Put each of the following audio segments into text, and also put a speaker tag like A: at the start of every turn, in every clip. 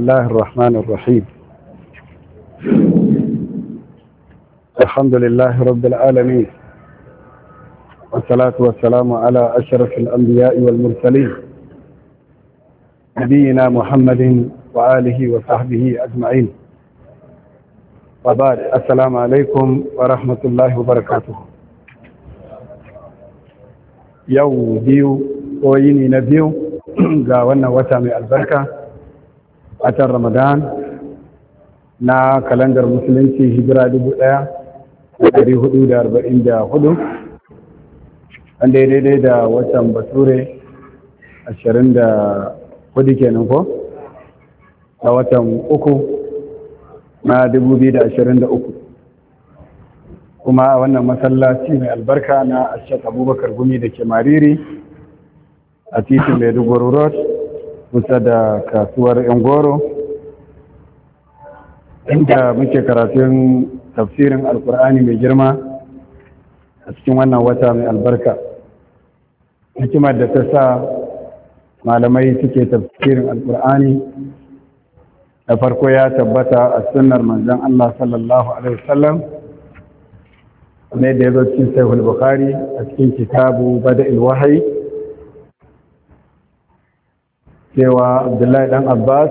A: الله الرحمن الرحيم الحمد لله رب العالمين والصلاة والسلام على أشرف الأنبياء والمرسلين نبينا محمد وآله وصحبه أجمعين وبعد السلام عليكم ورحمة الله وبركاته يو ديو ويني نبيو ga wannan wata mai albarka watan ramadan na kalandar musulunci hijira dubu ɗaya da ɗari da arba'in da an daidai da watan bature ashirin da hudu kenan ko a watan uku na dubu biyu da ashirin da uku kuma a wannan masallaci mai albarka na ashek abubakar gumi da ke mariri a titin maiduguri road kusa da kasuwar Ingoro
B: inda muke karatun
A: tafsirin alkur'ani mai girma a cikin wannan wata mai albarka hikimar da ta sa malamai suke tafsirin alkur'ani da farko ya tabbata a sunnar manzan Allah sallallahu alaihi wasallam ne da ya zo cikin sai bukhari a cikin kitabu bada'il wahyi cewa abdullahi dan abbas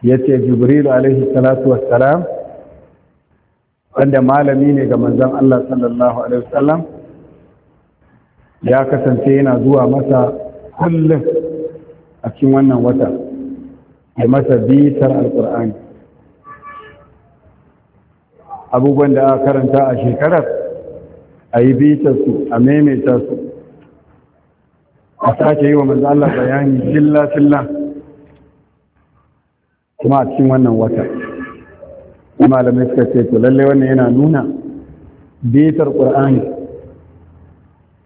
A: ya ce jibril alaihi salatu wassalam wanda malami ne ga manzon allah sallallahu alaihi wasallam ya kasance yana zuwa masa kullum a cikin wannan wata ya masa bitar alkur'ani abubuwan da aka karanta a shekarar ayi yi bitar su a maimaita su a sake yi wa manzo Allah bayani filla filla kuma a cikin wannan wata malamai suka ce to lalle wannan yana nuna bitar qur'ani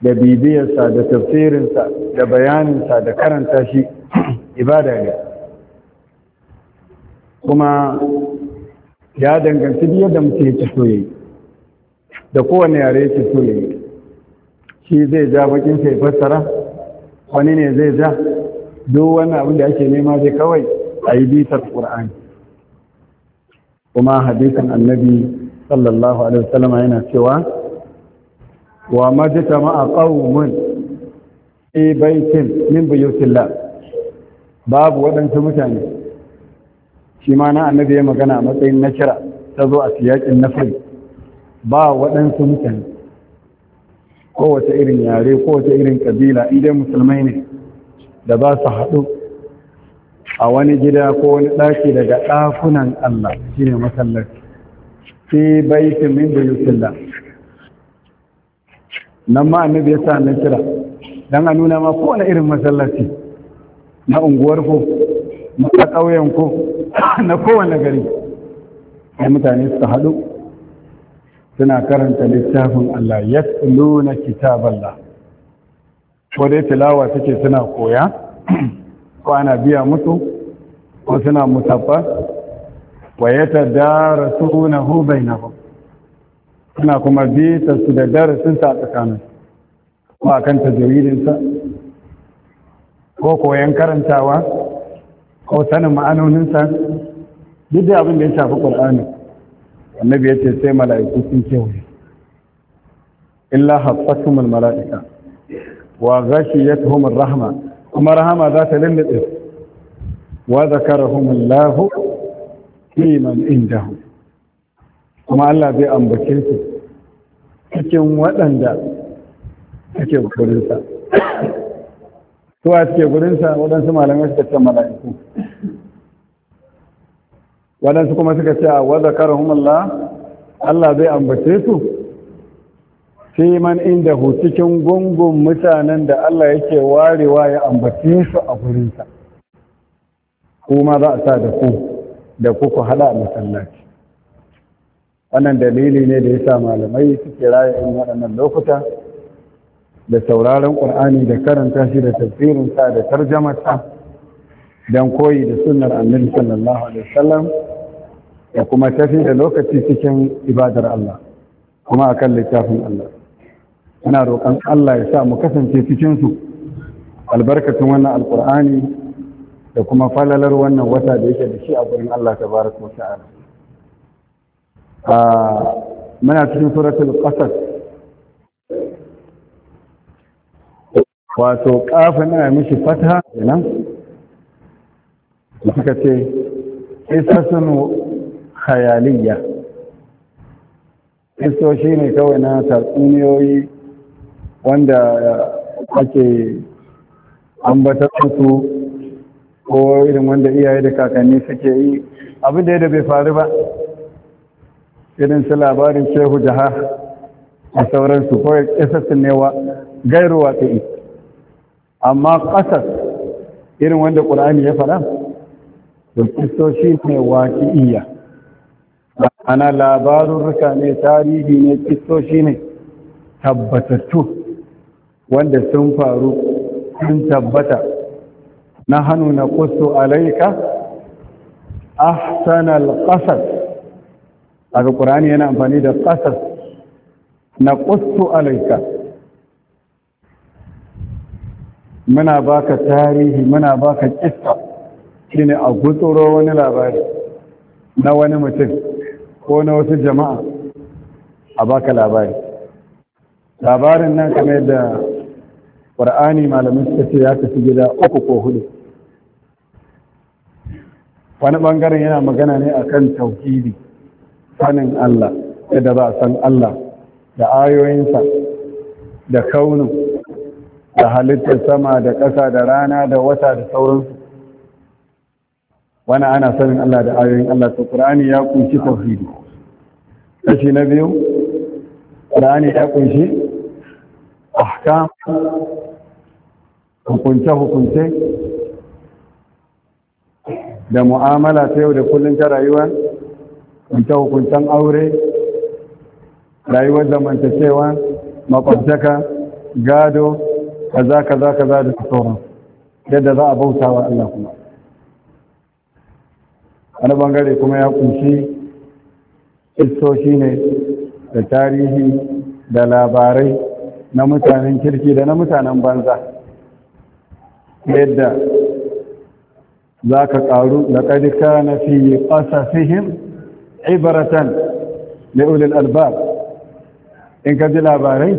A: da bibiyarsa da tafsirinsa da bayaninsa da karanta shi ibada ne kuma ya danganci duk yadda mutum yake da kowane yare shi so shi zai ja bakin sai fassara wani ne zai ja duk wani abin da ake nema zai kawai a yi bitar ƙur'ani kuma hadisin annabi sallallahu alaihi wasallama yana cewa wa majita ma'a qaumun fi baitin min buyutillah babu waɗansu mutane shi ma na annabi ya magana a matsayin na kira ta zo a siyaƙin na fari ba waɗansu mutane kowace irin yare kowace irin kabila idan musulmai ne da ba su haɗu a wani gida ko wani ɗaki daga ɗakunan Allah shi ne masallaci fi baitin min buyutillah nan ma annabi ya sa na kira dan a nuna ma kowane irin masallaci na unguwar ku na ƙauyen ku na kowane gari sai mutane su haɗu suna karanta littafin Allah nuna kitab Allah ko dai tilawa suke suna koya ko ana biya mutu, ko suna musaffa wa na bainahum suna kuma bita su da sun sa tsakanin ko kan ta sa ko koyan karantawa ko sanin ma'anoninsa duk da abin da ya shafi ƙur'ani. annabi ya ce sai mala'iku sun kewaye illa haɓɓatumul mala'ika wa gashi ya mun rahama kuma rahama za ta lullube wa zakarahumullahu kiman indahu kuma Allah zai ambace su cikin waɗanda suke gurinsa suwa suke gurinsa waɗansu malamai suka ce mala'iku waɗansu kuma suka ce a wadda Allah zai ambace su fi man inda hu cikin gungun mutanen da Allah yake warewa ya ambace su a gurinsa kuma za a sa da ku da kuku haɗa a masallaci wannan dalili ne da ya sa malamai suke raya in waɗannan lokuta da sauraron ƙur'ani da karanta shi da tafsirin tafsirinsa da tarjamarsa don koyi da sunnar annabi sallallahu alaihi wasallam ya kuma tafi da lokaci cikin ibadar Allah kuma a kan littafin Allah ina roƙon Allah ya sa mu kasance cikinsu albarkacin wannan alƙur'ani da kuma falalar wannan wata da yake da shi a gurin Allah ta kuma sha'ar ta'ala muna cikin suratul qasas wato kafin na mishi fatha kenan suka ce isasun hayaliya shi ne kawai na tatsuniyoyi wanda ake ambatar su ko irin wanda iyaye da kakanni suke yi abin da ya da bai faru ba irin su labarin shehu jaha da sauransu ko ƙasassun newa gairuwa yi amma ƙasas irin wanda ƙur'ani ya faɗa da shi ne waƙi iya ana labarurruka ne tarihi ne kistoshi ne tabbatattu wanda sun faru sun tabbata na hannu na kusto alaika ahsanal qasas a ƙurani yana amfani da qasas na kusto alaika muna baka tarihi muna baka kista shine a gutsuro wani labari na wani mutum ko na wasu jama'a a baka labari labarin nan kamar da ƙwar'ani malamin suka ce ya tafi gida uku ko hudu wani ɓangaren yana magana ne a kan tauhidi sanin Allah yadda za a san Allah da ayoyinsa da kaunin da halittar sama da ƙasa da rana da wata da sauransu wani ana sanin Allah da ayoyin Allah ta ƙur'ani ya kunshi tauhidi kashi na biyu ƙur'ani ya kunshi ahkam hukunce-hukunce da mu'amala ta yau da kullum ta rayuwa hukunce-hukuncen aure rayuwar zamantacewa makwabtaka gado kaza kaza kaza da sauran yadda za a bauta wa Allah kuma wani bangare kuma ya kunshi shi ne da tarihi da labarai na mutanen kirki da na mutanen banza yadda za ka ƙaru da ƙadika na fi ƙasa fihim ibaratan da ulil albab in ka ji labarai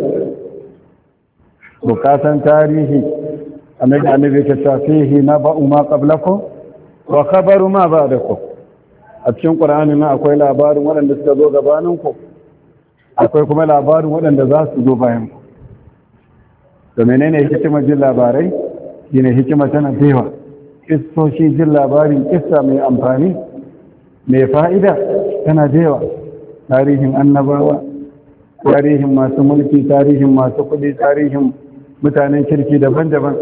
A: bukatan tarihi mai annabi ta fihi na ba'u ma ƙablako wa khabaru ma ba da ku? a cikin ƙur'ani na akwai labarin waɗanda suka zo gabaninku akwai kuma labarin waɗanda za su zo bayanku da ne hikima jin labarai shi ne hikimar tana baiwa kistoshi jin labari kista mai amfani mai fa'ida tana baiwa tarihin annabawa tarihin masu mulki tarihin masu kuɗi tarihin mutanen kirki daban-daban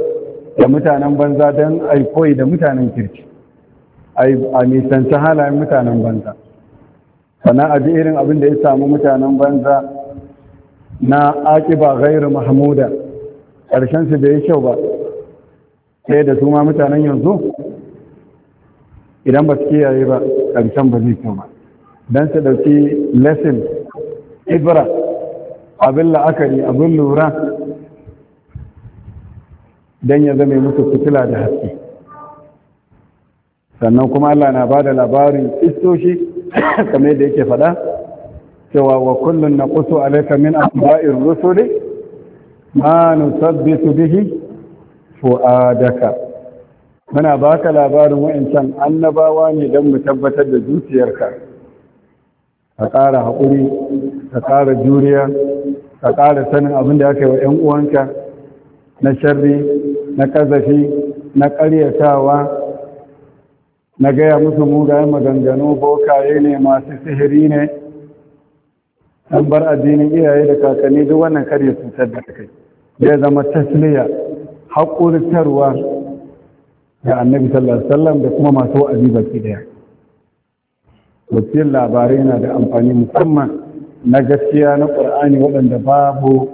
A: da mutanen banza don aikoyi da mutanen kirki a nisanci halayen mutanen banza sannan a ji irin abin da ya samu mutanen banza na akiba gairu mahmuda ƙarshensu bai yi kyau ba sai da su ma mutanen yanzu idan ba su kiyaye ba ƙarshen ba zai kyau ba don su ɗauki lesson ibra abin la'akari abin lura don ya zama musu fitila da haske sannan kuma Allah na bada labarin istoshi kamar da yake faɗa cewa wa kullun naqsu alayka min anba'ir rusuli ma nusabbitu bihi fu'adaka muna baka labarin wa'ancan annabawa ne don mu tabbatar da zuciyarka ka ƙara haƙuri ka ƙara juriya ka ƙara sanin abin da aka yi wa 'yan uwanka na sharri na ƙazafi na ƙaryatawa na gaya musu mugayen maganganu bokaye ne masu sihiri ne an bar addinin iyaye da kakanni duk wannan kar ya cutar da kai ya zama tasliya haƙurtarwa da annabi sallallahu alaihi wasallam da kuma masu wa'azi baki daya wakil labarai na da amfani musamman na gaskiya na ƙur'ani waɗanda babu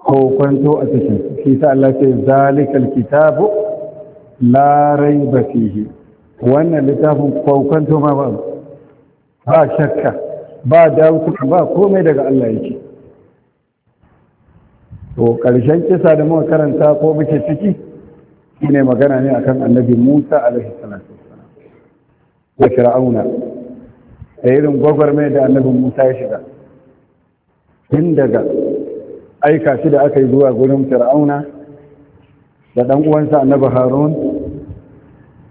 A: ko kwanto a cikin shi sa Allah ce zalikal kitabu larai ba fihi wannan littafin kwakwanto ma ba ba shakka ba dawutuka ba komai daga Allah yake to ƙarshen kisa da muka karanta ko muke ciki shine magana ne akan annabi Musa alaihi salatu wassalam da Fir'auna da irin gwagwarmai da annabi Musa ya shiga tun daga aika shi da aka yi zuwa gurin Fir'auna da ɗan uwansa annabi harun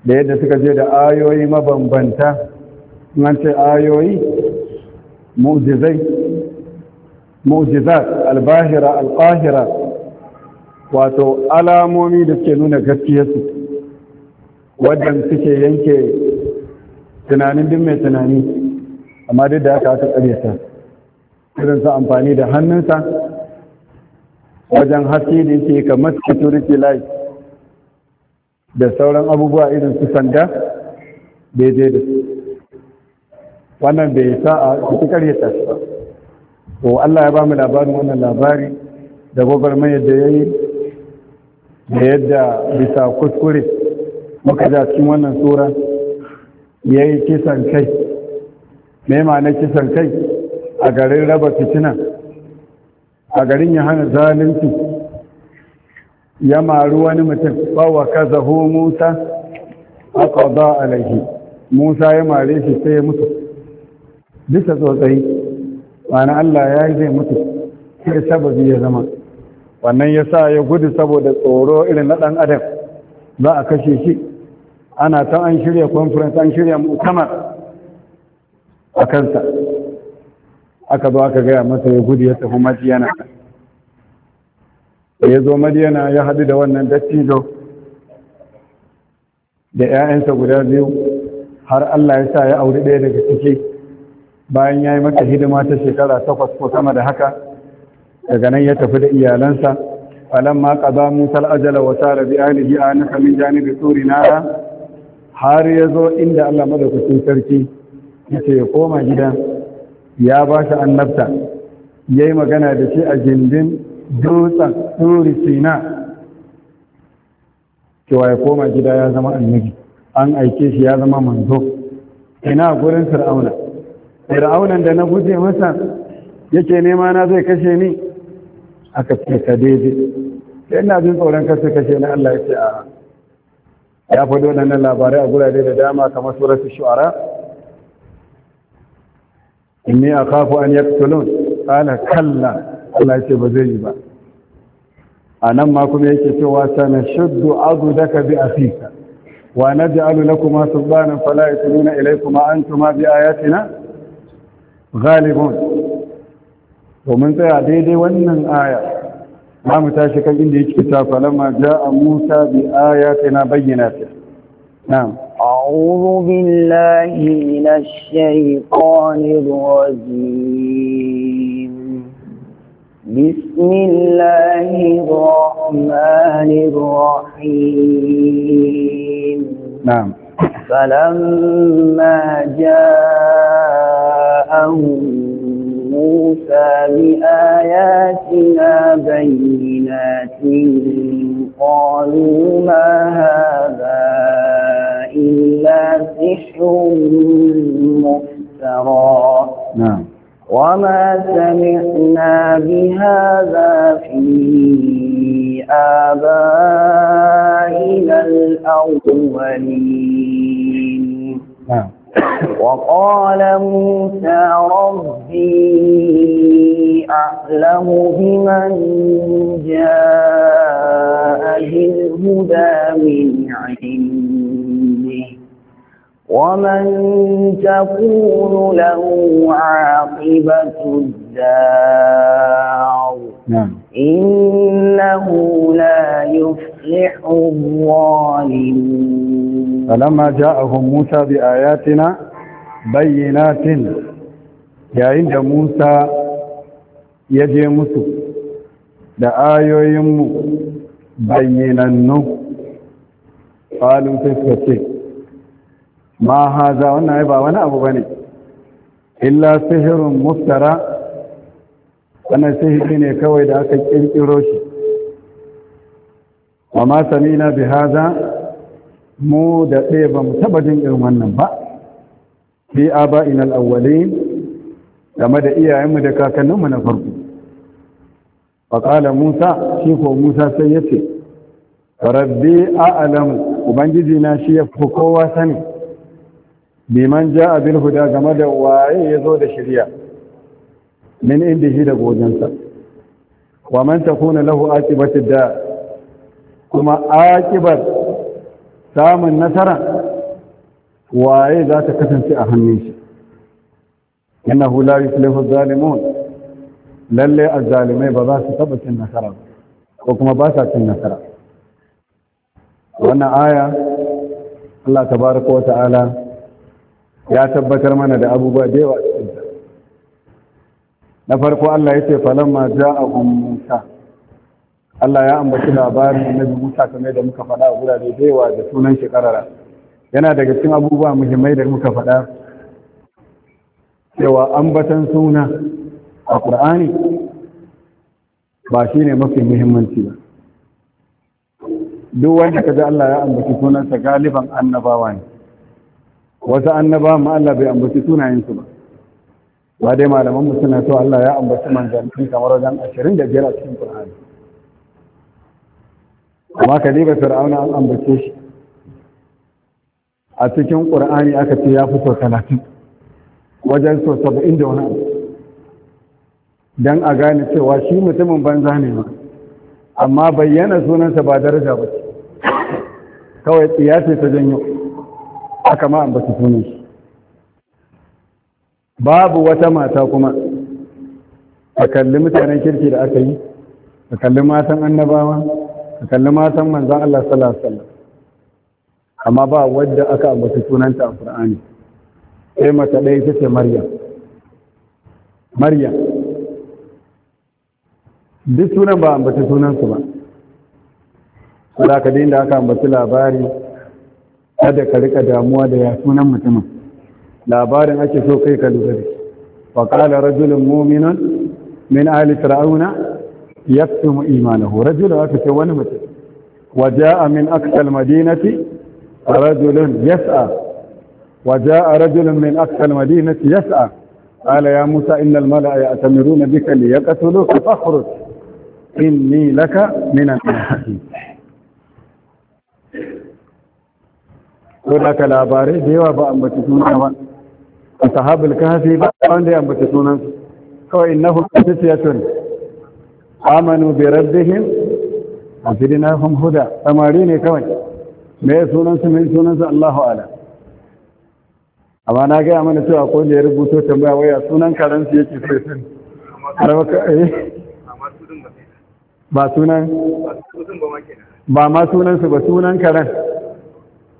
A: da yadda suka je da ayoyi mabambanta an ce ayoyi mu'jizai mu'jizat albahira alqahira wato alamomi da suke nuna gaskiyarsu wadda suke yanke tunanin duk mai tunani amma duk da aka aka karyata irin su amfani da hannunsa wajen haske da yake kamar security light da sauran abubuwa irin su sanda daidai da su wannan bai sa a cikin karyata shi ba Ko Allah ya ba mu labarin wannan labari da mai da ya yi da yadda bisa kuskure muka ja cikin wannan tsoron. ya yi kisan kai mai ma na kisan kai a garin raba fitina a garin ya hana zalunci ya maru wani mutum bawa ka ho musa aka a alaihi musa ya mare shi sai ya mutu bisa tsotsai wani allah ya yi zai mutu sai sababi ya zama wannan ya sa ya gudu saboda tsoro irin na ɗan adam za a kashe shi ana ta an shirya conference an shirya mutamar
C: a kansa
A: aka zo aka gaya masa ya gudu ya tafi madiyana ya zo madiyana ya haɗu da wannan dattijo da 'ya'yansa guda biyu har Allah ya sa ya auri ɗaya daga ciki bayan ya yi mata hidima ta shekara takwas ko sama da haka daga nan ya tafi da iyalansa ka qada mu al-ajala wa sara bi ahlihi anaka min janibi turi nara har ya zo inda Allah madaukakin sarki yace ya koma gidan. ya ba shi annabta ya yi magana da shi a gindin dutsen turi sina cewa ya koma gida ya zama annabi an aike shi ya zama manzo ina gurin fir'auna fir'aunan da na guje masa yake nema na zai kashe ni aka ce ka daidai sai ina jin tsoron kashe kashe na Allah ya ce a ya faɗi waɗannan labarai a gurare da dama kamar suratul shu'ara inni kafu an yaqtulun ala kalla Allah ce ba zai yi ba A nan ma kuma yake cewa sana shuddu daga bi a fika wa na kuma naj'alu lakuma subhanan fala kuma an tuma bi ayatina na galibun domin tsaya daidai wannan aya ma mu tashi kan inda yake ta ja a musa bi bayyana ta. نعم
B: أعوذ بالله من الشيطان الرجيم بسم الله الرحمن الرحيم نعم فلما جاءهم موسى بآياتنا بينات قالوا ما هذا إلا سحر مفترى نعم وما سمعنا بهذا في آبائنا الأولين نعم وقال موسى ربي أعلم بمن جاء بالهدى من عندي ومن تكون له عاقبة الدار نعم. إنه لا يفلح الظالمون فلما جاءهم موسى بآياتنا
A: بينات يا عند موسى يجي موسى da ayoyinmu bayyanannu ƙalin sai ma haza wannan ba wani abu bane illa sihirin muftara wannan sihiri ne kawai da aka kirkiro shi wa ma samina bi haza mu da ɗaya ba mu taɓa jin irin wannan ba fi ba ina awwalin game da iyayenmu da kakanninmu na farko faƙala musa shi ko musa sai ya ce rabbi a'lamu ubangiji na shi ya fi kowa sani neman ja abin huda game da waye ya zo da shirya min inda shi da gojinsa wa man ta kuna lahu akibat da kuma akibar samun nasara waye za ta kasance a hannun shi hula yi yuflihu zalimun lalle zalimai ba za su taba cin nasara ko kuma ba sa cin nasara wannan aya Allah tabaraka wa ta'ala ya tabbatar mana da abubuwa da yawa cikin ta na farko Allah ya yace falamma a Musa Allah ya ambaci labarin Annabi Musa kamar da muka faɗa a gurare da yawa da sunan shi ƙarara. yana daga cikin abubuwa muhimmai da muka faɗa cewa ambatan suna a Kur'ani ba shine mafi muhimmanci ba duk wanda ka ji Allah ya ambaci sunansa galiban annabawa ne wasu annaba ma Allah bai ambaci sunayensu ba ba dai malaman mu suna so Allah ya ambaci manzanni kamar wajen ashirin da biyar a cikin Qur'ani amma ka diba Fir'auna an ambace shi a cikin Qur'ani aka ce ya fi so talatin wajen so saba'in da wani abu don a gane cewa shi mutumin banza ne ma amma bayyana sunansa ba daraja ba kawai tsiya ce ta janyo aka ma ambaci sunan shi babu wata mata kuma ka kalli mutanen kirki da aka yi ka kalli matan annabawa ka kalli matan manzan Allah sallallahu alaihi wasallam amma ba wadda aka ambaci sunanta a Qur'ani sai mata ɗaya ita ce Maryam Maryam duk sunan ba ambaci su ba saboda ka da aka ambaci labari kada ka rika damuwa da ya sunan mutumin labarin ake so kai ka lura da wa qala rajulun mu'minun min ahli fir'auna yaktumu imanahu rajulun aka ce wani mutum waja'a min aqsal madinati rajulun yas'a waja'a rajulun min aqsal madinati yas'a قال يا موسى إن الملأ يأتمرون بك ليقتلوك فاخرج إني لك من الناصحين ko da ka labarai da yawa ba ambaci sunan ba a sahabul kafi ba wanda ya ambaci sunan kawai innahu qasiyatun amanu bi rabbihim azidnahum huda samari ne kawai me sunan su min sunan su Allahu ala amma na ga mana cewa ko da ya rubuto tambaya waya sunan karansu yake sai sun eh? ba sunan ba ma sunansu ba sunan karen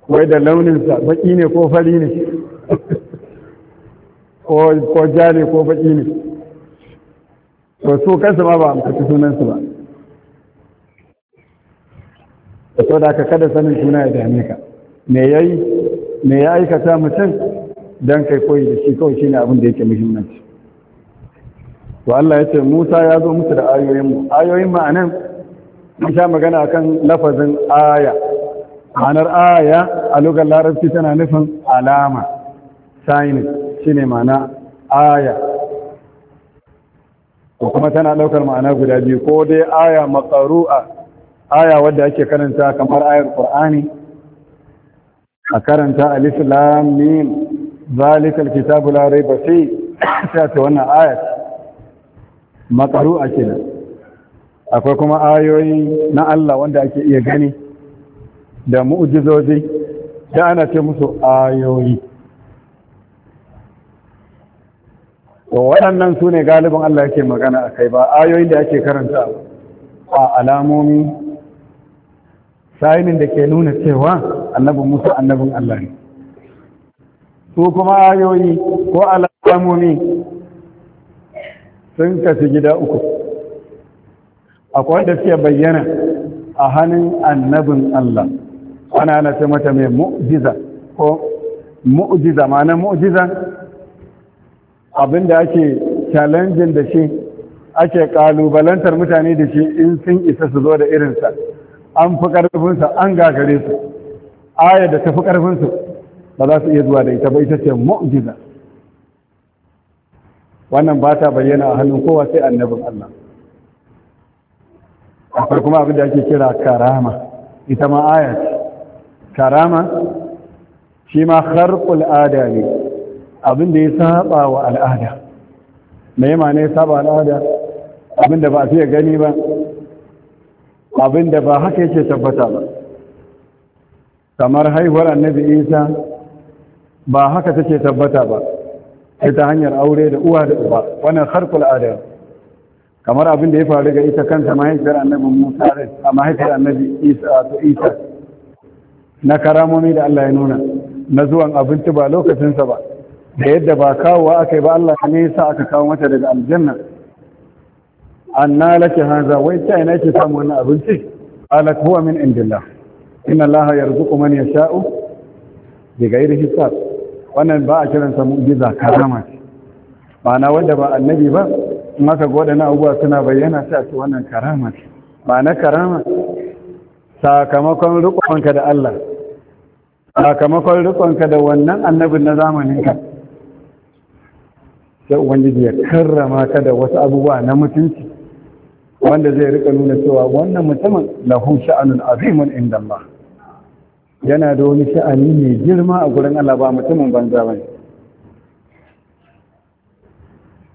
A: wai da launinsa baƙi ne ko fari ne ko ja ne ko baƙi ne to su kansu ma ba amfaci sunansu ba da so da aka kada sanin suna ya dame ka me yayi me ya aikata mutum don kai koyi da shi kawai shine abin da yake muhimmanci to Allah ya ce Musa ya zo musu da ayoyin mu ayoyin ma'anan mun sha magana akan lafazin aya ma'anar aya a lokacin larabci tana nufin alama shi shine ma'ana aya ko kuma tana daukar ma'ana guda biyu ko dai aya maqru'a aya wadda ake karanta kamar ayar qur'ani a karanta alif lam mim zalikal kitabu la rayba fi ta wannan ayat maqru'a kenan akwai kuma ayoyi na Allah wanda ake iya gani da mu'ujizoji da ana ce musu ayoyi to waɗannan su ne galibin Allah yake magana a kai ba ayoyin da ake karanta a alamomi sayinin da ke nuna cewa annabin musu annabin Allah ne su kuma ayoyi ko alamomi sun kasu gida uku akwai wanda suke bayyana a hannun annabin Allah ana ana sai mata mai mu'jiza ko mu'jiza ma'ana mu'jiza abinda ake challenging da shi ake kalubalantar mutane da shi in sun isa su zo da irinsa an fi ƙarfinsa an gagare su aya da ta fi ƙarfinsu ba za su iya zuwa da ita ba ita ce mu'jiza wannan ba ta bayyana a hannun kowa sai annabin Allah akwai kuma abinda ake kira karama ita ma aya karama shi ma harkul ada ne abinda ya saba wa al'ada mai ma ne saba al'ada abinda ba fiye gani ba abinda ba haka yake tabbata ba kamar haihuwar annabi isa ba haka take tabbata ba ita hanyar aure da uwa da uba wannan harkul ada kamar abinda ya faru ga ita kanta mahaifiyar annabi musa a mahaifiyar annabi isa na karamomi da Allah ya nuna na zuwan abinci ba lokacinsa ba da yadda ba kawowa aka yi ba Allah ne ya sa aka kawo mata daga aljanna anna laki haza wai ta ina ke samu wannan abinci alat huwa min indillah inna Allah yarzuqu man yasha'u bi ghairi hisab wannan ba a kiransa mu'jiza karama ce ma'ana wanda ba annabi ba in aka ga waɗannan abubuwa suna bayyana sai a ce wannan karama ce ma'ana karama sakamakon riƙonka da Allah sakamakon rikonka da wannan annabin na zamaninka sai ubangiji ya karrama ka da wasu abubuwa na mutunci wanda zai rika nuna cewa wannan mutumin lahu sha'anun azimun inda ba. yana da wani sha'ani mai girma a gurin Allah ba mutumin banza ba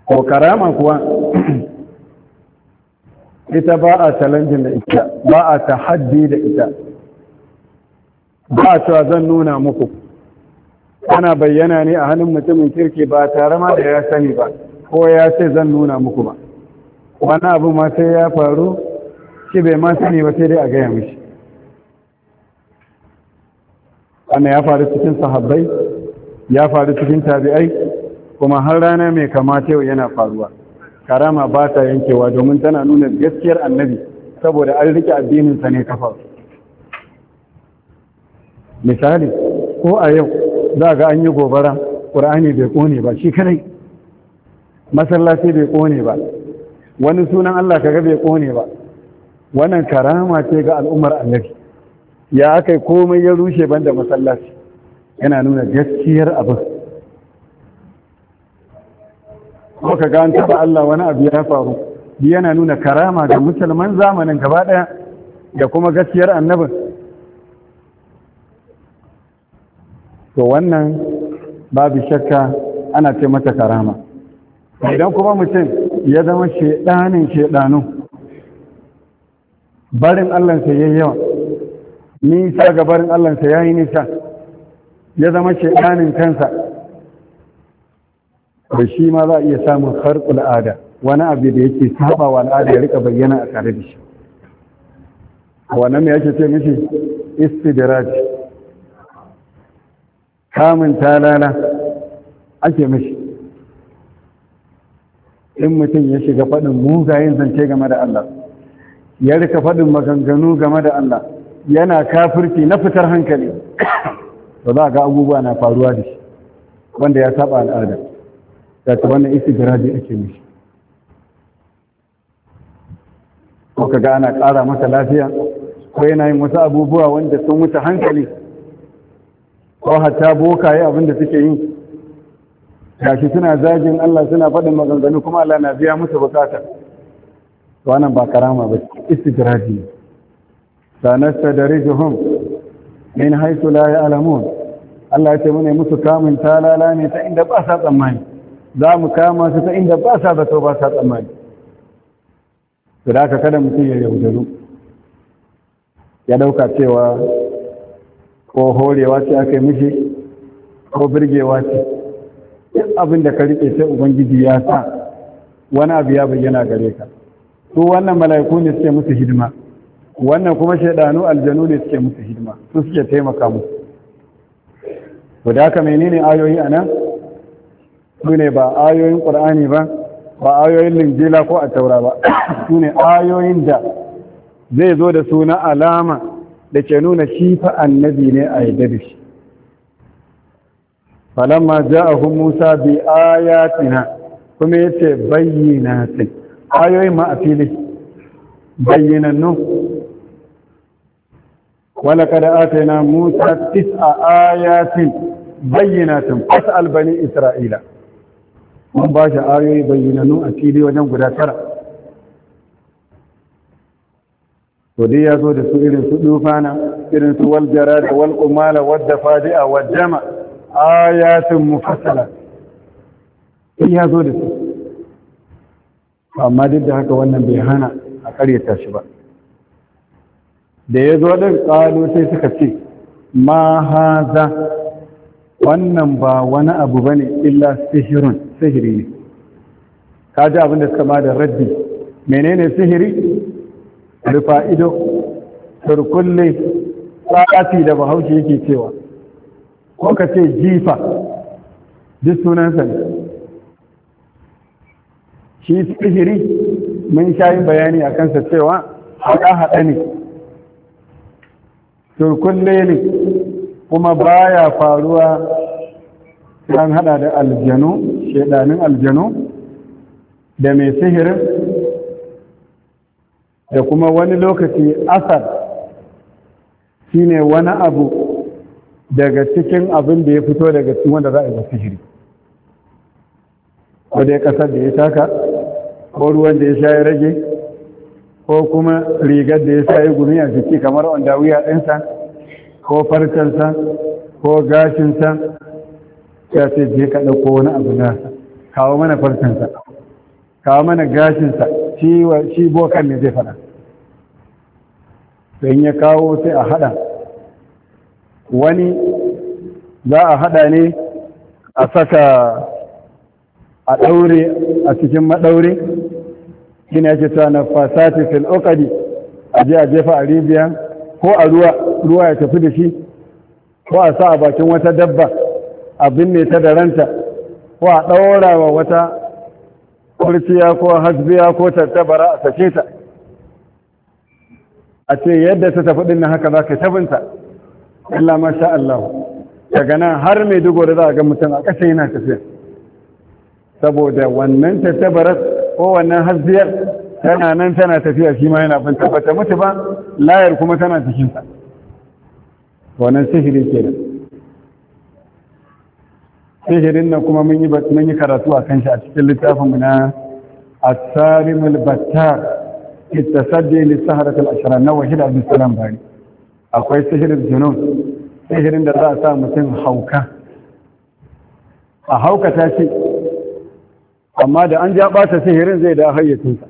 A: ko karama kuwa ita ba a challenging da ita ba a tahaddi da ita ba cewa zan nuna muku ana bayyana ne a hannun mutumin kirki ba tare ma da ya sani ba ko ya ce zan nuna muku ba wani abu ma sai ya faru shi bai ma sani ba sai dai a gaya mishi wannan ya faru cikin sahabbai ya faru cikin tabi'ai kuma har rana mai kamata yau yana faruwa karama ba ta yankewa domin tana nuna gaskiyar annabi saboda an rike addininsa ne kafa misali ko a yau za ga an yi gobara ƙur'ani bai ƙone ba shi kanai masallaci bai ƙone ba wani sunan Allah ga bai ƙone ba wannan karama ce ga al'ummar annabi ya aka yi komai ya rushe banda masallaci yana nuna gaskiyar abin Ko ka ga an taɓa Allah wani abu ya faru yana nuna karama ga musulman zamanin gaba ɗaya da kuma gaskiyar annabin to wannan babu shakka ana ce mata karama idan kuma mutum ya zama shedanin shedanu barin allansa ya yawa nisa ga barin allansa ya yi nisa ya zama shedanin kansa da shi ma za a iya samun harkul ada wani abu da yake saba wa al'ada ya rika bayyana a tare da shi wannan me yake ce mishi istidraj kamun talala ake mashi in mutum ya shiga faɗin mugayen zance game da Allah ya rika faɗin maganganu game da Allah yana kafirci na fitar hankali ba za ga abubuwa na faruwa da shi wanda ya saba al'ada da ta wannan istigraji ake mishi ko ka gana ana ƙara masa lafiya ko yana yin wasu abubuwa wanda sun wuce hankali ta hatta bokaye abinda suke yi gashi suna zagin Allah suna faɗin maganganu kuma Allah na biya musu bukata to wannan ba karama ba istidraji sanastadrijuhum min haythu la ya'lamun Allah ya ce mune musu kamun talala ne ta inda ba sa tsammani za mu kama su ta inda ba sa zato ba sa tsammani Su da aka kada mutum ya yaudaru ya dauka cewa ko horewa ce aka yi mishi ko birgewa ce duk abin da ka riƙe sai ubangiji ya sa wani abu ya bayyana gare ka su wannan mala'iku ne suke musu hidima wannan kuma shaidanu aljanu ne suke musu hidima su suke taimaka musu to da haka menene ayoyi a nan su ne ba ayoyin ƙur'ani ba ba ayoyin linjila ko a taura ba su ne ayoyin da zai zo da suna alama da ke nuna shi fa annabi ne a yadda da shi falamma hun musa bi ayatina kuma yace bayyinatin ayoyin ma a fili nun wala kada atayna musa tis'a ayatin bayyinatin fas'al albani isra'ila mun ba shi ayoyi nun a fili wajen guda tara to dai ya zo da su irin su dufana irin su wal jarada wal umala wad dafadi'a wad jama ayatun mufassala sai ya zo da su amma duk da haka wannan bai hana a karyata shi ba da ya zo din kalu sai suka ce ma haza wannan ba wani abu bane illa sihirun sihiri ne kaji abin da suka ma da raddi menene sihiri rufa ido turkulle da bahaushe yake cewa ko ka ce jifa duk sunansa ne shi sihiri mun sha yin bayani a kansa cewa haɗa-haɗa ne turkulle ne kuma baya faruwa an haɗa da aljanu shaidanin aljanu da mai sihirin da kuma wani lokaci asar shine wani abu daga cikin abin da ya fito daga cikin wanda za a yi sihiri ko dai kasar da ya taka ko ruwan da ya sha ya rage ko kuma rigar da ya sa ya gumi a jiki kamar wanda wuya ɗinsa ko farcensa ko gashinsa ya ce je ka ɗauko wani abu nasa kawo mana farcensa kawo mana gashinsa shi bokan ne zai faɗa don ya kawo sai a haɗa wani za a haɗa ne a saka a ɗaure a cikin maɗaure shi ne ake ta na fasati fil okadi a je a jefa a ribiya ko a ruwa ruwa ya tafi da shi ko a sa a bakin wata dabba a binne ta da ranta ko a ɗaura wa wata kurciya ko hasbiya ko tattabara a sake ta a ce yadda ta tafi din haka za ka tabinta illa masha Allah daga nan har mai dugo da za a ga mutum a ƙasa yana tafiya saboda wannan tattabara ko wannan hasbiyar tana nan tana tafiya shi ma yana fin tabbata mutu ba layar kuma tana cikinsa wannan sihiri kenan sihirin nan kuma mun yi mun karatu a kan shi a cikin littafin mu na at-sarimul battar ittasaddi li saharatil ashra na wahid abdul salam bari akwai sihirin junun sihirin da za a sa mutum hauka a hauka ta ce amma da an ja ɓata sihirin zai da hayyacinsa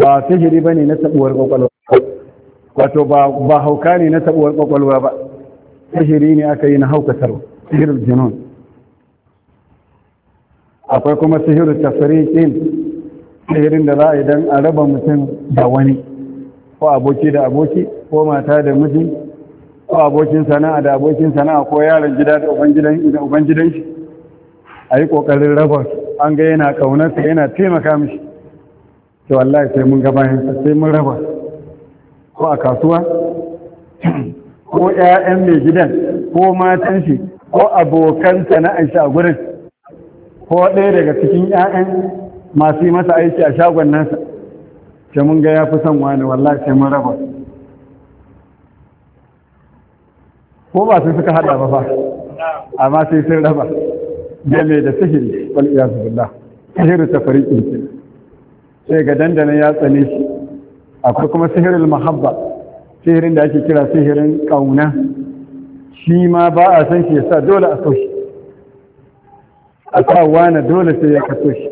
A: ba sihiri ba ne na taɓuwar ƙwaƙwalwa wato ba hauka ne na taɓuwar ƙwaƙwalwa ba sihiri ne aka yi na haukatarwa sihirin junun akwai kuma sihiru tafirikin sihirin da za a idan a raba mutum da wani ko aboki da aboki ko mata da miji ko abokin sana'a da abokin sana'a ko yaron gida da uban gidan da uban gidan shi a yi kokarin raba an ga yana kaunarsa yana taimaka mishi to wallahi sai mun gabayin sai mun raba ko a kasuwa ko ƴaƴan mai gidan ko matan shi ko abokan sana'a shi a gurin ko ɗaya daga cikin 'ya'yan masu yi masa aiki a shagon nasa ce mun ga ya fi son wani wallahi sai mun raba ko ba su suka hada ba fa amma sai sun raba game da sihiri wal iyazu billah ta fari kin sai ga dandana ya tsane shi akwai kuma sihirin mahabba sihirin da ake kira sihirin ƙauna. shi ma ba a san shi sa dole a so shi a sa dole sai ya kaso shi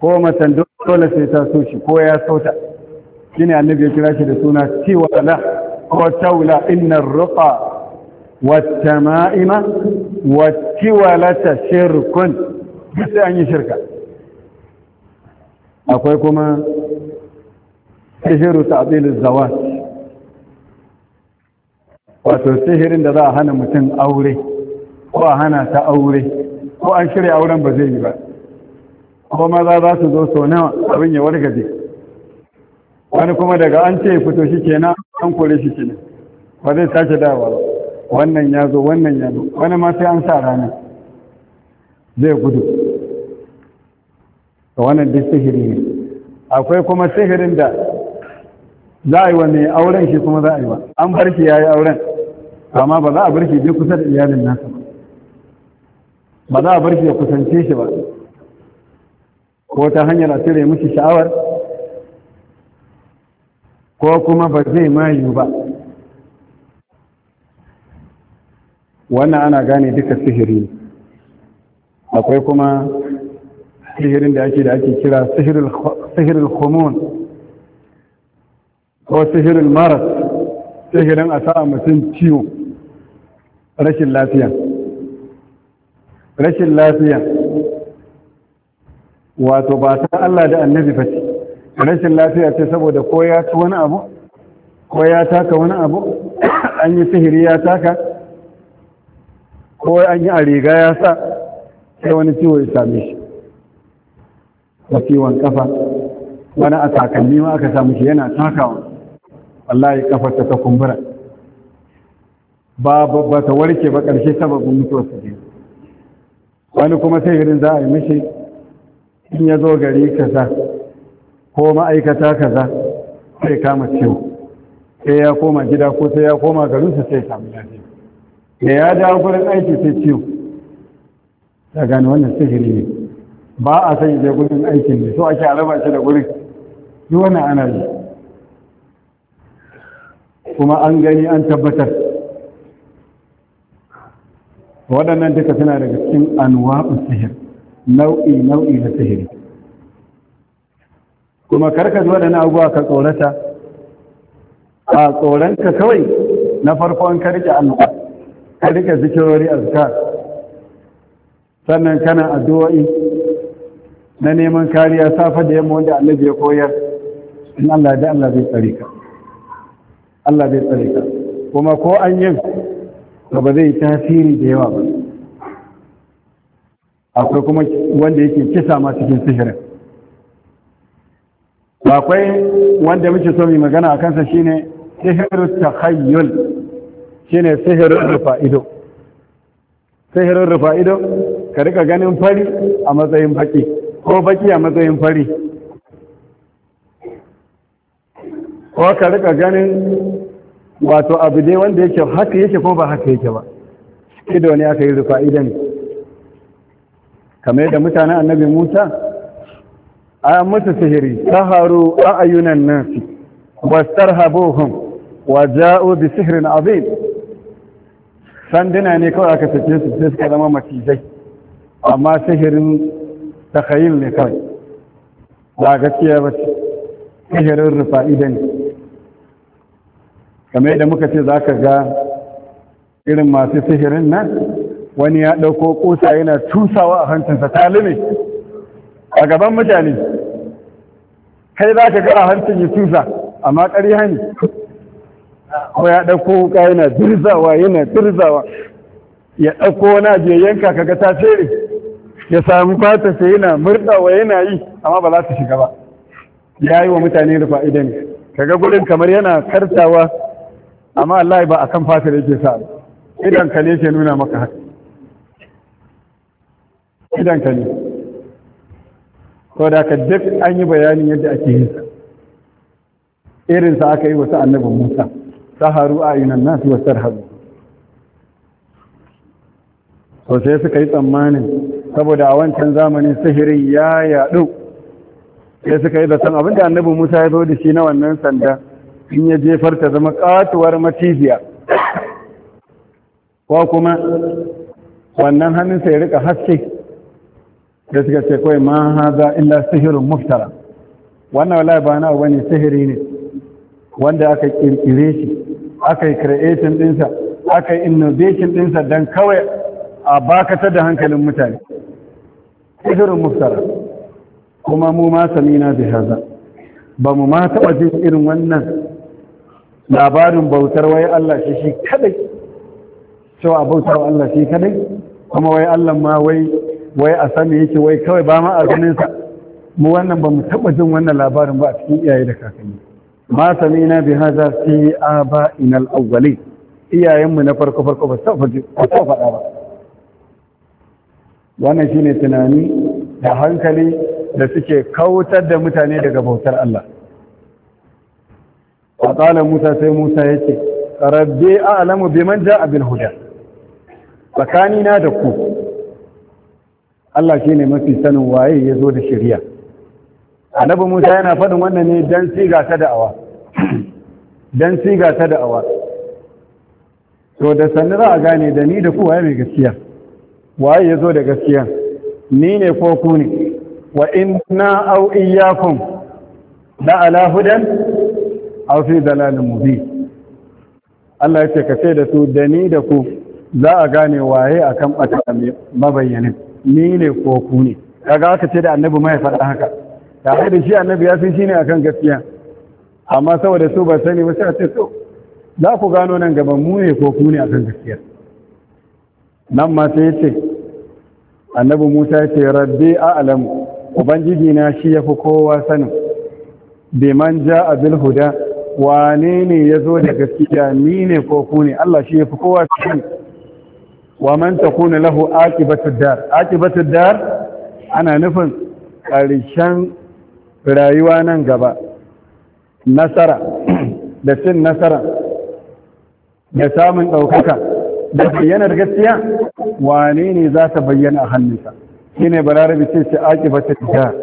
A: ko matan dole sai ta so shi ko ya sauta shi ne annabi ya kira shi da suna tiwala ko taula inna rufa wata ma'ima wata ta shirkun sai an yi shirka akwai kuma sihiru ta'dil zawa wato sihirin da za a hana mutum aure ko a hana ta aure ko an shirya auren ba zai yi ba ko maza za su zo so nawa abin ya wargaje wani kuma daga an ce fito shi na an kore shi kenan ba zai sake dawa ba wannan ya zo wannan ya zo wani ma sai an sa rana zai gudu ga wannan duk sihiri ne akwai kuma sihirin da za a yi wa mai auren shi kuma za a yi wa an bar shi ya yi auren amma ba za a bar shi je kusa da iyalin nasa ba za a bar shi ya kusance shi ba ko ta hanyar a cire mishi sha'awar ko kuma ba zai mayu ba wannan ana gane duka sihiri akwai kuma sihirin da ake da ake kira sihirin homon ko sihirin maras sihirin a sa'a mutum ciwo rashin lafiya rashin lafiya wato ba ta Allah da annabi ba ce rashin lafiya ce saboda ko ya ci wani abu ko ya taka wani abu an yi sihiri ya taka ko an yi a riga ya sa sai wani ciwo ya same shi da ciwon kafa wani a takalmi ma aka samu shi yana takawa wallahi kafar ta ta kumbura ba ba ta warke ba ƙarshe sababin mutuwar su wani kuma sihirin za a yi mishi in ya zo gari kaza ko ma'aikata kaza sai kama ciwo sai ya koma gida ko sai ya koma garinsa sai samu lafiya da ya ja gurin aiki sai ciwo da gani wannan sihiri ne ba a san je gurin aikin ne so ake araba shi da gurin yi wannan ana yi kuma an gani an tabbatar waɗannan duka suna daga cikin anwa'u sihir nau'i nau'i na sihiri kuma karka zuwa da abubuwa ka tsorata a tsoronka kawai na farkon ka rike allah
C: ka rike zikirori azkar
A: sannan kana addu'o'i na neman kariya safa da yamma wanda annabi ya koyar in allah da allah zai tsare ka allah zai tsare ka kuma ko an yin to ba zai tasiri da yawa ba akwai kuma wanda yake kisa ma cikin sihirin ba akwai wanda muke so mai magana a kansa shine sihirin takhayyul shine sihirin rufa ido sihirin rufa ido ka rika ganin fari a matsayin baki ko baki a matsayin fari ko ka rika ganin wato abu ne wanda yake haka yake ko ba haka yake ba ido ne aka yi rufa idan kamar yadda mutanen annabi musa a musu sihiri saharu a ayunan nasi wastar wa ja'o bi sihirin abin sanduna ne kawai aka sace su sai suka zama macizai amma sihirin takayin ne kawai ba gaskiya ba sihirin rufa idan ne kamar yadda muka ce za ka ga irin masu sihirin nan wani ya ɗauko ƙusa yana tusawa a hancinsa talibi a gaban mutane kai za ka ga a hancin ya tusa amma ƙarya ne ko ya ɗauko ƙuka yana dirzawa yana dirzawa ya ɗauko wani abu yanka ta fere ya samu fata sai yana murɗawa yana yi amma ba za su shiga ba ya yi wa mutane rufa idan ga gurin kamar yana kartawa amma Allah ba a kan fata da yake sa idan ka ne ke nuna maka haka idan ka ne ko da ka duk an yi bayanin yadda ake yin sa irin sa aka yi wasu annabin Musa saharu na nasu wasu sarhabu to sai suka yi tsammanin saboda a wancan zamanin sihirin ya yaɗu sai suka yi zaton abinda annabin Musa ya zo da shi na wannan sanda in ya jefar ta zama katuwar matijiya. ko kuma wannan hannunsa ya rika haske da suka ce kawai ma haza illa sihirin muftara wannan wala ba na wani sihiri ne wanda aka kirkire shi aka yi creation dinsa aka yi innovation dinsa don kawai a bakatar da hankalin mutane sihirin muftara kuma mu ma samina bi haza ba mu ma taɓa jin irin wannan labarin bautar wai Allah shi shi kadai cewa bautar Allah shi kadai kuma wai Allah ma wai wai a sami yake wai kawai ba ma a ganin sa mu wannan ba mu taba jin wannan labarin ba a cikin iyaye da kakanni ma samina bi hadha fi aba'ina al awwali iyayen mu na farko farko ba taba ba taba faɗa ba wannan shine tunani da hankali da suke kautar da mutane daga bautar Allah fa qala musa sai musa yace rabbi a'lamu biman ja'a bil huda tsakani na da ku Allah shine mafi sanin waye ya zo da shari'a annabi musa yana faɗin wannan ne dan siga ta da'awa dan siga ta da'awa to da sannu za a gane da ni da ku waye mai gaskiya waye ya zo da gaskiya ni ne ko ku ne wa inna au iyyakum la ala hudan aw fi dalalin mubi Allah ya ce ka ce da su da ni da ku za a gane waye akan bata mabayyanin ni ne ko ku ne kaga aka ce da annabi mai faɗa haka tare da shi annabi ya san shi ne akan gaskiya amma saboda su ba sani ba sai a ce to za ku gano nan gaban mu ne ko ku ne akan gaskiya nan ma sai ce annabi Musa ya ce rabbi a'lam ubangiji na shi yafi kowa sanin biman ja'a bil huda wane ne ya zo da gaskiya ni ne ko ku ne Allah shi ya fi kowa cikin wa man kuna lahu aqibatud dar aqibatud dar ana nufin ƙarshen rayuwa nan gaba nasara da cin nasara da samun ɗaukaka da bayyanar gaskiya wane ne za ta bayyana a hannunsa shi ne bararabi ce ce ta da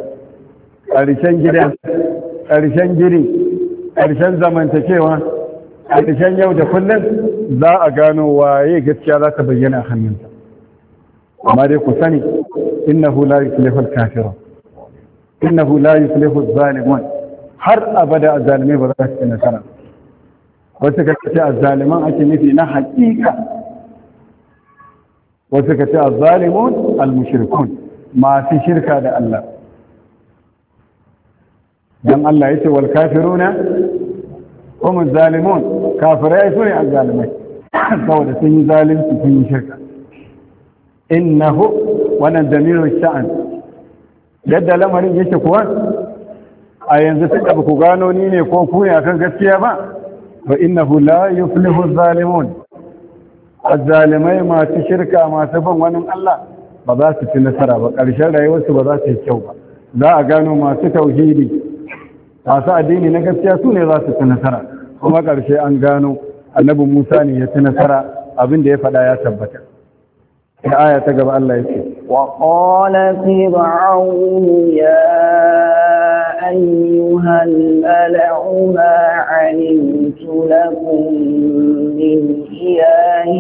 A: ƙarshen gidan ƙarshen gini ƙarshen zamantakewa a ƙarshen yau da kullum za a gano waye gaskiya za ta bayyana a hannunta amma dai ku sani innahu la yuflihu al-kafirun innahu la yuflihu az-zalimun har abada azzalimai ba za su yi nasara wasu ka ce azzaliman ake nufi na haƙiƙa wasu ka ce azzalimun al-mushrikun masu shirka da Allah dan Allah yace wal kafiruna hum zalimun kafirai su ne azzalimai saboda sun yi zalunci sun yi shirka innahu wannan damiru sha'an yadda lamarin yake kuwa a yanzu tunda da ku gano ni ne ko ku ne akan gaskiya ba fa innahu la yuflihu zalimun azzalimai masu shirka masu ban wani Allah ba za su ci nasara ba ƙarshen rayuwarsu ba za su yi kyau ba za a gano masu tauhidi wasu addini na gaskiya su ne za su ci nasara kuma ƙarshe an gano annabi musa ne ya ci nasara abin da ya faɗa ya tabbata ya aya ta gaba Allah ya ce
B: وقال فرعون يا أيها الملأ ما علمت لكم من إله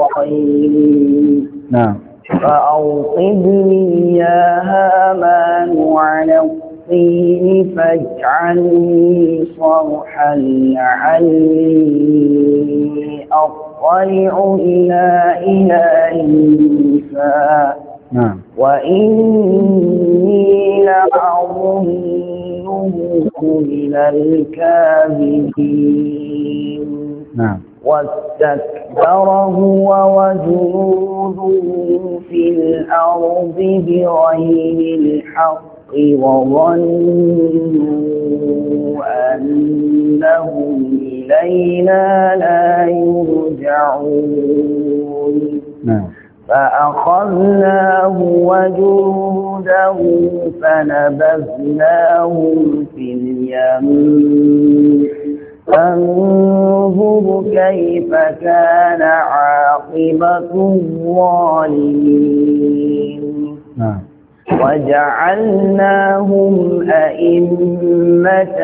B: غيري نعم فأوقد لي يا هامان على الطين فاجعلني صرحا لعلي أطلع إلى إله موسى نعم وإني لأظنه من الكاذبين نعم واستكبر هو وجنوده في الأرض بغير الحق الحق وظنوا أنهم إلينا لا يرجعون فأخذناه وجوده فنبذناهم في اليم فانظر كيف كان عاقبة الظالمين نعم وجعلناهم أئمة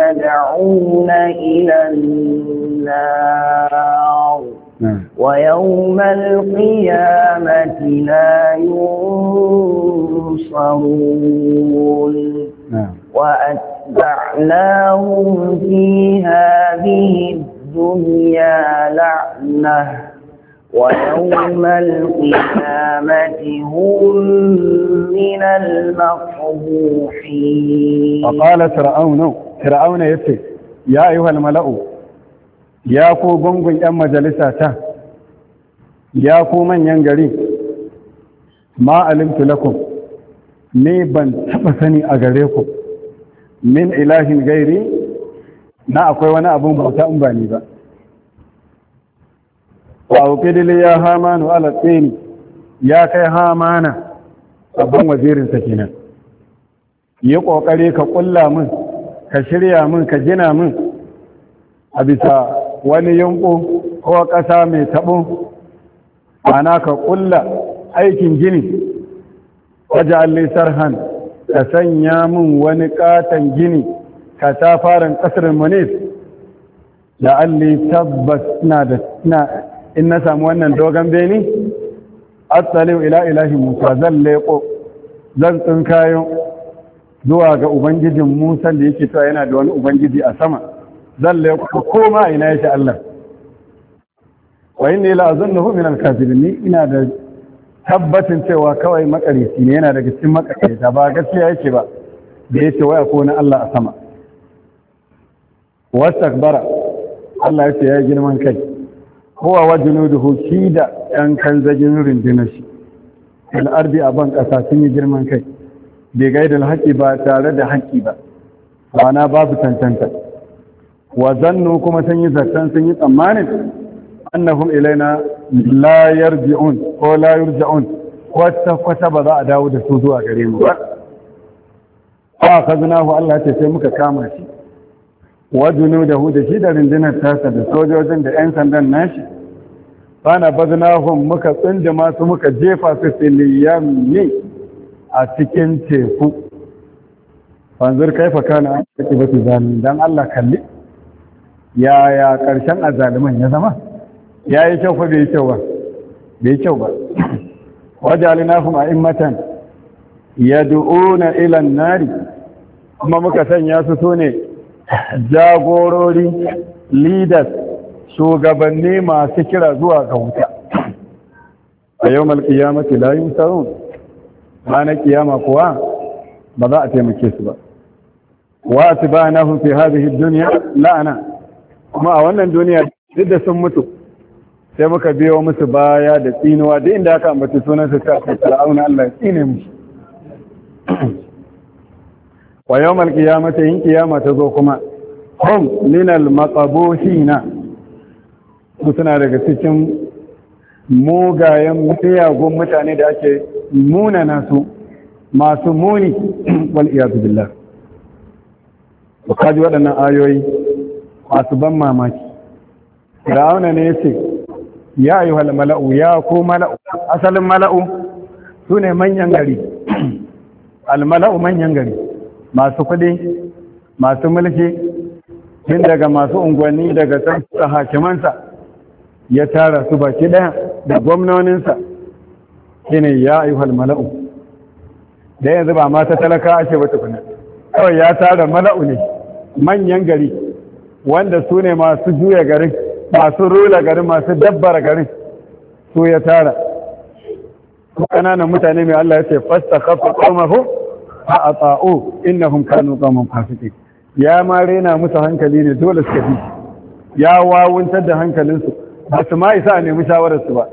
B: يدعون إلى النار نعم. ويوم القيامة لا ينصرون نعم. وأتبعناهم في هذه الدنيا لعنة ويوم القيامة هم من المقبوحين فقال
A: فرعون فرعون يفي يا أيها الملأ يا كو بنغن يا مجلسة يا كو من ينقري ما علمت لكم ni ban taba sani a gare ku min ilahin gairi na akwai wani abun bauta in ba ni ba wa li ya hamanu ala tsini ya kai hamana abin wazirinsa kenan yi ƙoƙari ka ƙulla min ka shirya min ka gina min a bisa wani yunƙu ko ƙasa mai taɓo ana ka ƙulla aikin gini wajen alli sarhan, ka sanya min wani ƙaton gini ka ta farin ƙasar munis da alli tabbas na da in na samu wannan dogon beni asalin ila ilahi musa zan leko zan kayo zuwa ga ubangijin musa da yake cewa yana da wani ubangiji a sama zan leko koma ina yake allah wa yin la azunnuhu min kafirin ni ina da tabbacin cewa kawai makarici ne yana daga cikin makarita ba gaskiya yake ba da yake waya ko na Allah a sama wastakbara Allah ya ce ya girman kai kowa wajinu da hoki da ‘yan kan zagin rundunar shi al'arbi a ban ƙasa sun yi girman kai bai da haƙi ba tare da haƙi ba rana babu tantanta wa zannu kuma sun yi zartan sun yi tsammanin annahum ilaina layar ji'un ko layar ji'un. kwata kwata ba za a dawo da su zuwa gare mu ba fa kaznahu Allah ce sai muka kama shi wa junudahu da shi da rundunar tasa da sojojin da yan sandan nashi fana baznahum muka tsindima su muka jefa su filiyammi a cikin teku fanzur kaifa kana su zalim dan Allah kalli yaya karshen azaluman ya zama Ya yi kyau fa bai kyau ba bai yi kyau ba a a'immatan yad'una ila an-nari kuma muka sanya su sune jagorori leaders shugabanni masu kira zuwa ga wuta a yau malkiyamati la ba na kiyama kuwa ba za a taimake su ba wa su ba na hufi hazihi duniya la'ana kuma a wannan duniya duk da sun mutu sai muka biyo musu baya da tsinuwa duk inda aka ambata sunan su ta fi Allah ya tsine musu wa ya mata yin kiyama ta zo kuma hum min al su suna daga cikin mugayen miyagun mutane da ake munana su masu muni wal iyadu billah ji waɗannan ayoyi masu ban mamaki Ra'auna ne ce ya yi mala'u ya ko mala'u asalin mala'u su ne manyan gari al mala'u manyan gari masu kuɗi masu mulki tun daga masu unguwanni daga tsarkuta hakimansa ya tara su baki ɗaya da gwamnoninsa shine ya yi mala'u da yanzu ba mata talaka ake ba tukuna kawai ya tara mala'u ne manyan gari wanda su ne masu juya garin masu rula garin masu dabbar garin su ya tara ƙananan mutane mai Allah ya ce fasta kafa ƙomahu fa ata'u innahum kanu qawman fasiqin ya ma rena musu hankali ne dole suka kafi ya wawuntar da hankalinsu ba su ma isa a nemi shawararsu ba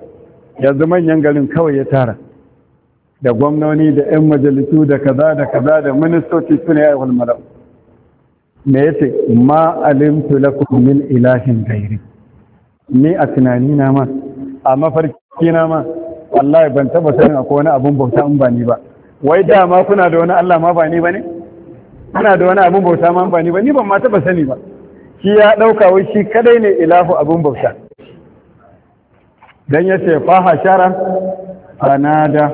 A: yanzu manyan garin kawai ya tara da gwamnoni da 'yan majalisu da kaza da kaza da ministoci suna yi wal me ya ma alimtu lakum min ilahin ghairi ni a tunani na ma a mafarki na ma wallahi ban taba sanin akwai wani abun bauta in ba ni ba wai dama kuna da wani Allah ma ba ni ba ne kuna da wani abin bauta ma ba ni ba ni ban ma taba sani ba shi ya ɗauka wai shi kadai ne ilahu abin bauta dan ya ce faha
C: shara
A: da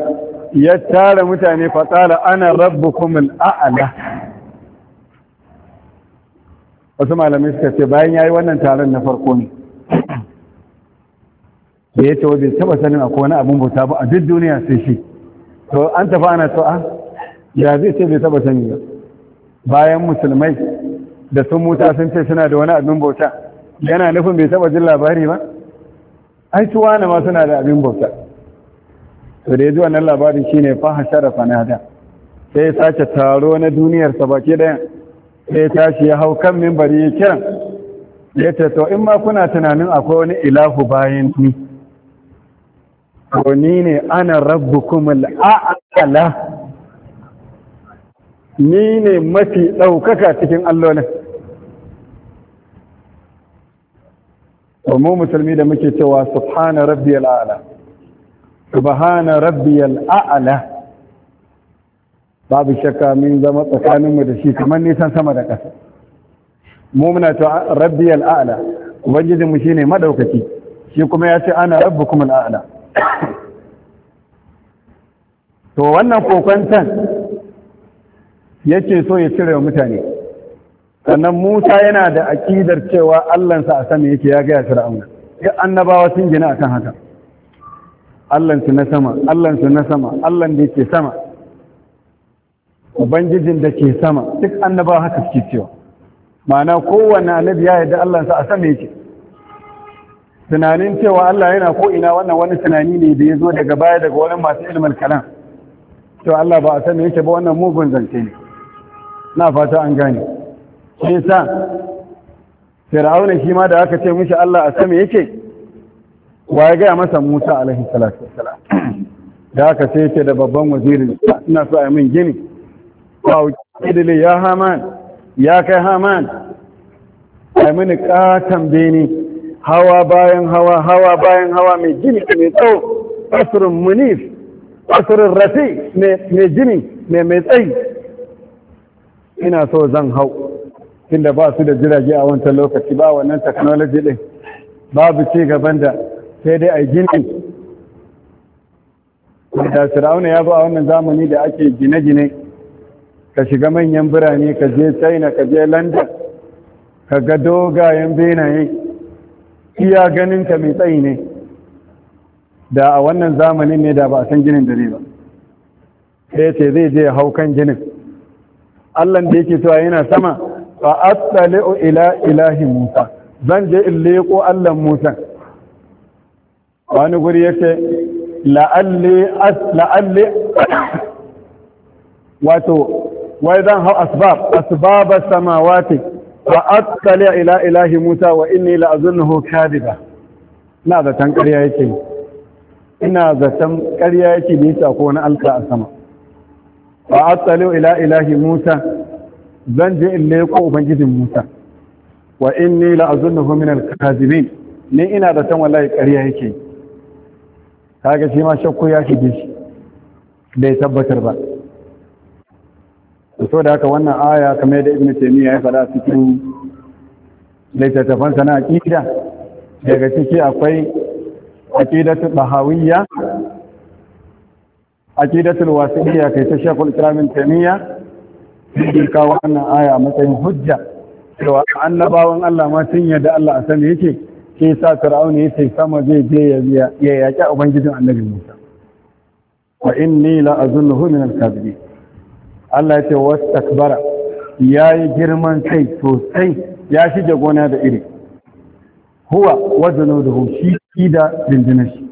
A: ya tara mutane fatsala ana rabbukum al'ala wasu malamai suka ce bayan ya yi wannan taron na farko ne da ya ce bai taba sanin akwai wani abin bauta ba a duk duniya sai shi to an tafi ana to ah, ya zai ce bai taba sani ba bayan musulmai da sun muta sun ce suna da wani abin bauta yana nufin bai taba jin labari ba ai tuwa na ma suna da abin bauta to da ya ji wannan labarin shine faha sharafa na da sai ya sace taro na duniyar sa baki daya sai ya tashi ya hau kan mimbari ya kiran ya ce to in ma kuna tunanin akwai wani ilahu bayan ni to ne ana kuma al'a'la ni ne mafi ɗaukaka cikin allolin mu musulmi da muke cewa subhana rabbi a'la subhana rabbi a'la babu shakka min zama tsakaninmu da shi kamar nisan sama da ƙasa mu muna ta rabbi a'la ubangijinmu shine maɗaukaki, shi kuma ya ce ana kuma al'a'la to wannan kokwantan yake so ya cire wa mutane sannan musa yana da aƙidar cewa allansa a sama yake ya gaya fir'auna duk annabawa sun gina a kan haka allansu na sama allansu na sama allan da yake sama ubangijin da ke sama duk annabawa haka suke cewa ma'ana kowane annabi ya yarda allansa a sama yake tunanin cewa Allah yana ko ina wannan wani tunani ne da ya zo daga baya daga wani masu ilimin kalam to Allah ba a san yake ba wannan mugun zance ne na fata an gane shi yasa Fir'auna shi ma da aka ce mishi Allah a sama yake wa ya gaya masa Musa alaihi salatu wassalam da aka ce yake da babban wazirin ina so a min gini wa idili ya Haman ya kai Haman ai mini katan bene hawa bayan hawa hawa bayan hawa mai jini mai tsawo asirin munif asirin rafi mai jini mai mai tsayi ina so zan hau inda ba su da jirage a wancan lokaci ba wannan technology din babu ci gaban da sai dai a gini da Firauna ya zo a wannan zamani da ake gine-gine ka shiga manyan birane ka je China ka je London ka ga dogayen benaye iya ganinka mai tsayi ne da a wannan zamanin ne da ba a san ginin da zai ba sai ce zai je hau kan ginin Allan da yake cewa yana sama fa attali'u ila ilahi Musa zan je in leko Allan Musa wani guri yake ce la'alli wato wai zan hau asbab asbab as ce. fa attala ila ilahi Musa wa inni la azunnahu kadiba ina zaton ƙarya yake ina zatan ƙarya yake da yasa ko wani alka a sama fa attala ila ilahi Musa zan je in leko ubangijin Musa wa inni la azunnahu min al-kadibin ni ina zaton wallahi ƙarya yake kaga shi ma shakku ya shige shi bai tabbatar ba so da haka wannan aya kamar da ibnu taymiya ya fara cikin littattafan sana aqida daga ciki akwai aqidatu bahawiyya aqidatu wasiliya kai ta al-islam islamin taymiya shi kawo wannan aya a matsayin hujja cewa annabawan Allah ma sun yadda Allah a sani yake ke sa ya sai sama zai je ya yaki ubangijin annabi Musa wa inni la azunnuhu min al-kadhibin Allah ya ce wasu takbara ya yi girman kai sosai ya shige gona da iri huwa wazano da hoshi shi da dindina shi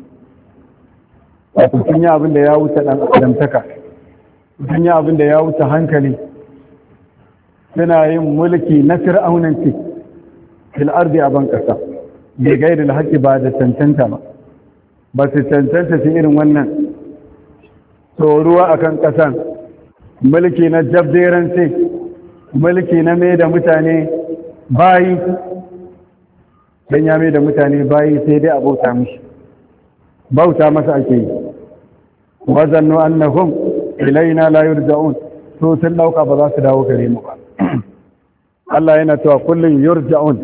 A: wato sun yi abin da ya wuce ɗan adamtaka sun yi abin da ya wuce hankali suna yin mulki na fir'aunanci fil ardi a ban ƙasa bai gairi da haƙi ba da cancanta ba ba su cancanta su irin wannan tsoruwa akan ƙasan mulki na jabderance mulki na mai da mutane bayi don ya mai da mutane bayi sai dai a bauta mishi bauta masa ake yi wazannu annahum ilaina la yurja'un to sun dauka ba za su dawo gare mu ba Allah yana cewa kullun yurja'un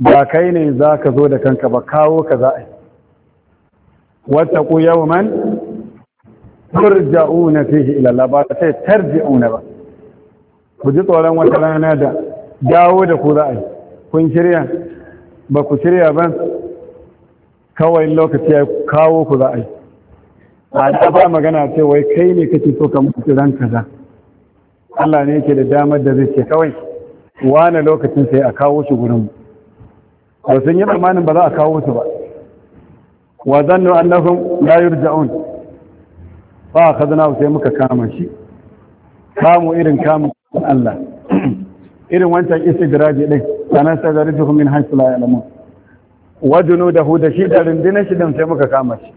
A: ba kai ne za ka zo da kanka ba kawo ka za a yi wata ku yawman turja'una fihi ila Allah ba ta sai tarji'una ba ku ji tsoron wata rana da dawo da ku za'a kun shirya ba ku shirya ba kawai lokaci ya kawo ku za'a a da ba magana ce wai kai ne kake so ka mutu ran kaza Allah ne yake da damar da zai ce kawai wane lokacin sai a kawo shi gurin mu ba sun yi tsammanin ba za a kawo su ba wa zannu annahum la yurja'un fa akhadna sai muka kama shi kamu irin kamu Allah irin wancan istidraji din sanan sai zarifuhum min haythu la ya'lamun wa junudahu da shi da rindina shi din sai muka kama shi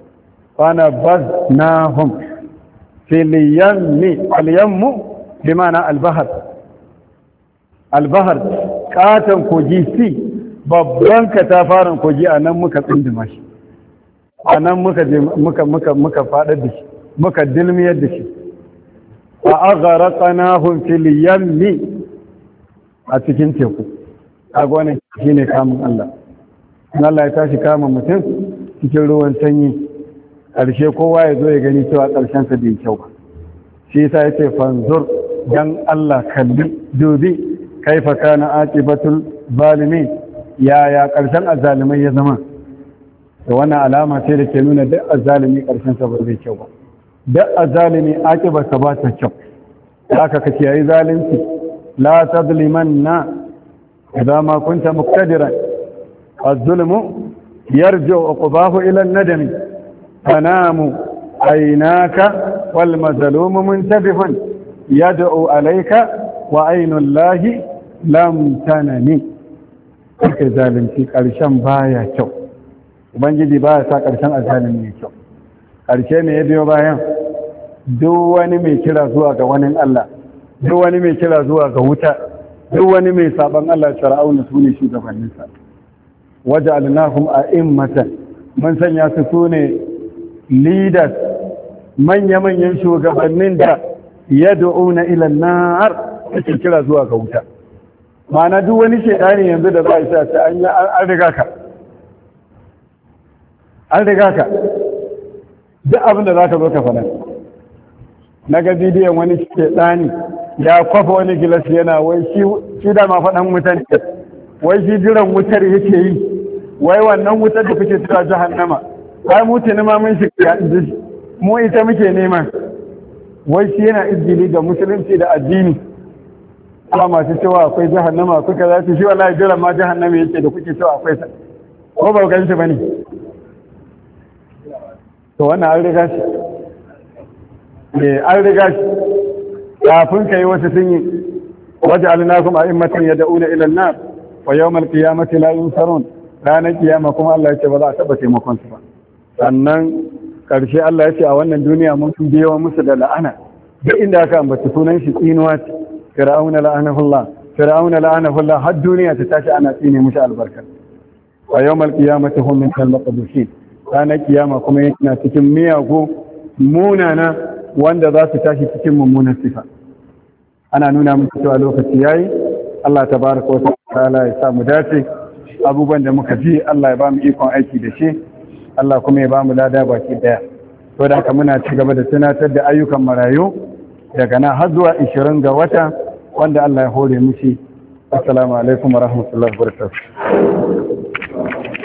A: fa na baznahum fil yammi al yammu bi ma'ana al bahr al bahr katan koji si babban katafaren koji a nan muka tsindima shi a nan muka faɗa. muka muka muka da shi muka dilmiyar da shi a agharaka na filiyan mi a cikin teku a gwanin shi ne kamun Allah Allah ya tashi kama mutum cikin ruwan sanyi ƙarshe kowa ya zo ya gani cewa ƙarshensa bai kyau ba shi sa ya ce fanzur dan Allah kalli dubi kaifa kana batul zalimin yaya ƙarshen azalimai ya zama da wannan alama ce da ke nuna duk azalimi ƙarshen ba zai kyau ba da zalimi ake ba ta kyau haka ka kiyayi zalunci la na idan ma kunta muqtadiran az-zulmu yarji'u uqbahu ila an-nadam tanamu aynaka wal mazlumu muntabihun yad'u alayka wa aynu llahi lam tanani kake zalunci karshen baya kyau ubangiji baya sa karshen azalimi ne kyau karshe ne ya biyo bayan duk wani mai kira zuwa ga wani Allah duk wani mai kira zuwa ga wuta duk wani mai saban Allah shara'auna su ne shugabanninsa waje alinahun a immatan mun sanya su su ne leaders manya-manyan shugabannin da ya na ila na'ar ake kira zuwa ga wuta ma'ana duk wani shaidani yanzu da za a isa ta an riga ka an riga ka duk abin da za ka zo ka fara na ga bidiyon wani shaidani ya kwafa wani gilas yana wai shi da ma faɗan ne. wai shi jiran wutar yake yi wai wannan wutar da kuke tura jahannama ai mu ce nema mun shiga mu ita muke nema wai shi yana izini ga musulunci da addini kuma masu cewa akwai jahannama kuka za su shi wallahi jiran ma jahannama yake da kuke cewa akwai sa ko ba ku ba bane to wannan an riga shi me eh, an riga shi kafin ka yi wata sun yi waje alinakum a immatin ya da'una ilan na wa yau mal kiyamati la yunsarun ranar kiyama kuma Allah ya ce ba za a taɓa taimakon su ba sannan ƙarshe Allah ya ce a wannan duniya mun fi yawa musu da la'ana duk inda aka ambaci sunan shi tsinuwa ce fir'auna la'anahullah fir'auna la'anahullah har duniya ta tashi ana tsine musu albarka wa yau yawmal qiyamati hum min al-maqdusin ranar kiyama kuma yana cikin miyagu munana wanda za su tashi cikin mummunan sifa ana nuna muku cewa lokaci yayi Allah ta ko wa ta'ala ya sa mu dace abubuwan da muka ji Allah ya ba mu ikon aiki da shi Allah kuma ya ba mu lada baki daya to da haka muna ci gaba da tunatar da ayyukan marayu daga na har zuwa 20 ga wata wanda Allah ya hore mu shi assalamu alaikum wa rahmatullahi wa
C: barakatuh